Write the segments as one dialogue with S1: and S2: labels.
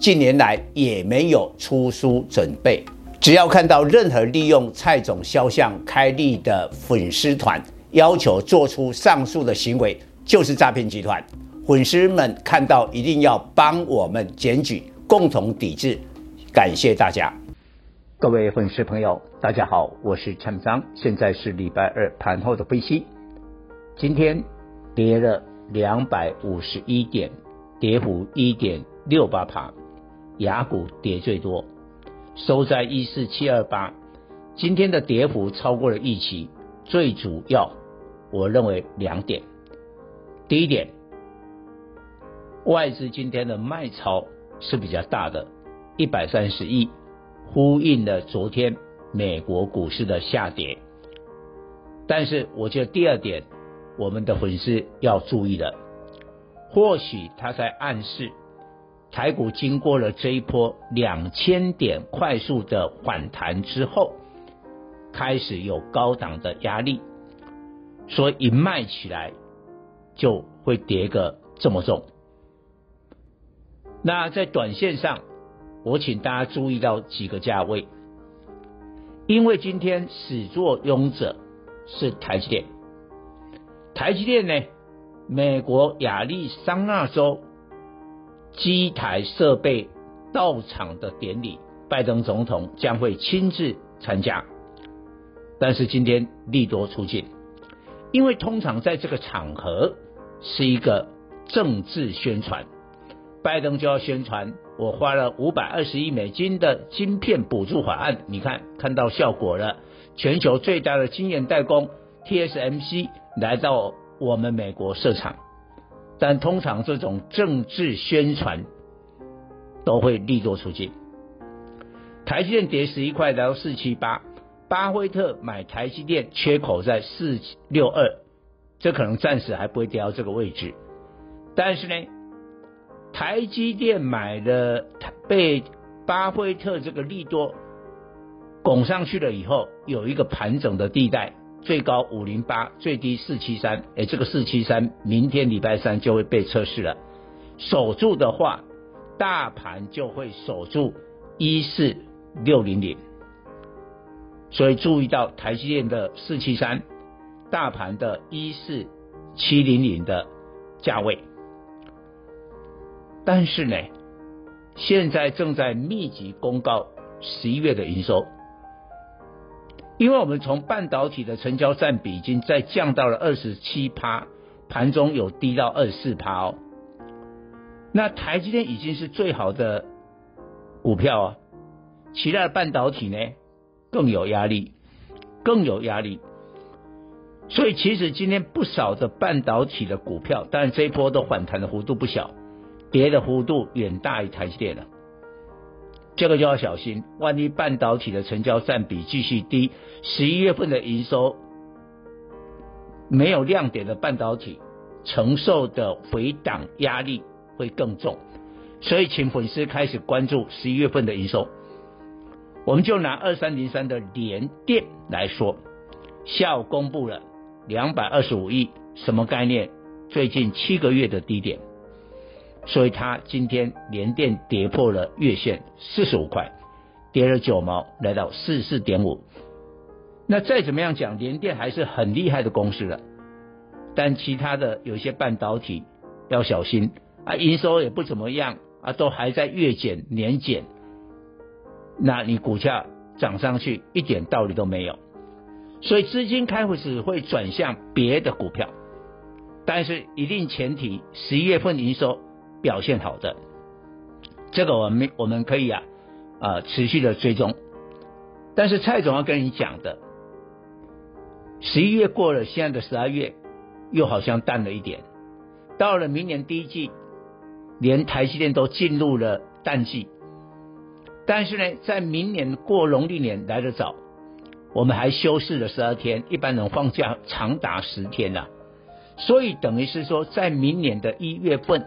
S1: 近年來也沒有出書準備，只要看到任何利用蔡總肖像開立的粉絲團，要求做出上述的行為，就是詐騙集團。粉絲們看到一定要幫我們檢舉，共同抵制。感謝大家。各位粉絲朋友，大家好，我是蔡明彰，現在是禮拜二盤後的分析。今天跌了兩百五十一點，跌幅一點六八%，盤亞股跌最多，收在一四七二八，今天的跌幅超過了預期。最主要，我認為兩點：第一點，外資今天的賣超是比較大的，一百三十億，呼應了昨天美國股市的下跌。但是，我覺得第二點，我們的粉絲要注意了，或許他在暗示。台股經過了這一波兩千點快速的反彈之後，開始有高檔的壓力，所以一賣起來就會跌個這麼重。那在短線上，我請大家注意到幾個價位，因為今天始作俑者是台積電，台積電呢，美國亞利桑那州，機台設備到場的典禮，拜登總統將會親自參加。但是今天利多出盡，因為通常在這個場合是一個政治宣傳，拜登就要宣傳我花了五百二十億美金的晶片補助法案，你看，看到效果了，全球最大的晶圓代工 TSMC 來到我們美國設廠。但通常這種政治宣傳都會利多出盡。台積電跌十一塊，來到四七八。巴菲特買台積電缺口在四六二，這可能暫時還不會跌到這個位置。但是呢，台積電買的被巴菲特這個利多拱上去了以後，有一個盤整的地帶。最高五零八，最低四七三。哎，這個四七三，明天禮拜三就會被測試了。守住的話，大盤就會守住一四六零零。所以注意到台積電的四七三，大盤的一四七零零的價位。但是呢，現在正在密集公告十一月的營收。因為我們從半導體的成交占比已經再降到了二十七趴，盤中有低到二十四趴哦。那台積電已經是最好的股票啊、哦，其他的半導體呢更有壓力，更有壓力。所以其實今天不少的半導體的股票，當然這一波都反彈的幅度不小，跌的幅度遠大於台積電了。這個就要小心，萬一半導體的成交占比繼續低，十一月份的營收沒有亮點的半導體承受的回檔壓力會更重，所以請粉絲開始關注十一月份的營收。我們就拿二三零三的聯電來說，下午公布了兩百二十五億，什麼概念？最近七個月的低點。所以它今天連電跌破了月線四十五塊，跌了九毛，來到四十四點五。那再怎麼樣講，聯電還是很厲害的公司了。但其他的有些半導體要小心啊，營收也不怎麼樣啊，都還在月減年減。那你股價漲上去一點道理都沒有。所以資金開始會轉向別的股票，但是一定前提十一月份營收。表現好的，這個我們我們可以啊啊、呃、持續的追蹤。但是蔡總要跟你講的，十一月過了，現在的十二月又好像淡了一點。到了明年第一季，連台積電都進入了淡季。但是呢，在明年過農曆年來得早，我們還休息了十二天，一般人放假長達十天啊，所以等於是說，在明年的一月份。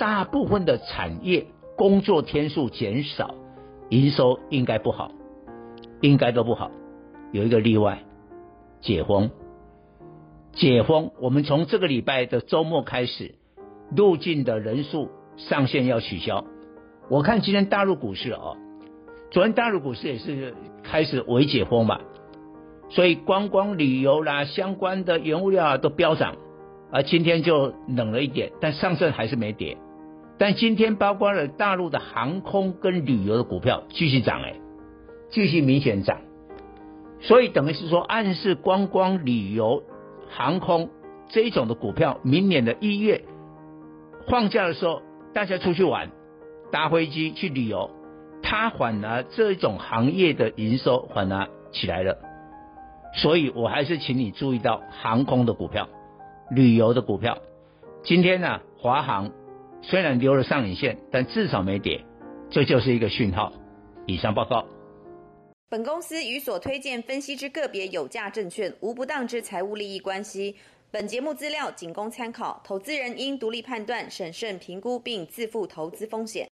S1: 大部分的產業工作天數減少，營收應該不好，應該都不好。有一個例外，解封，解封。我們從這個禮拜的周末開始，入境的人數上限要取消。我看今天大陸股市哦，昨天大陸股市也是開始微解封嘛，所以觀光旅遊啦相關的原物料啊都飆漲，而今天就冷了一點，但上證還是沒跌。但今天包括了大陸的航空跟旅遊的股票繼續漲誒、欸，繼續明顯漲，所以等於是說暗示觀光旅遊航空這一種的股票，明年的一月放假的時候大家出去玩，搭飛機去旅遊，它反而這種行業的營收反而起來了，所以我還是請你注意到航空的股票、旅遊的股票，今天呢、啊、華航。雖然留了上影線，但至少沒跌，這就是一個訊號。以上報告。本公司與所推薦分析之個別有價證券無不當之財務利益關係。本節目資料僅供參考，投資人應獨立判斷、審慎評估並自負投資風險。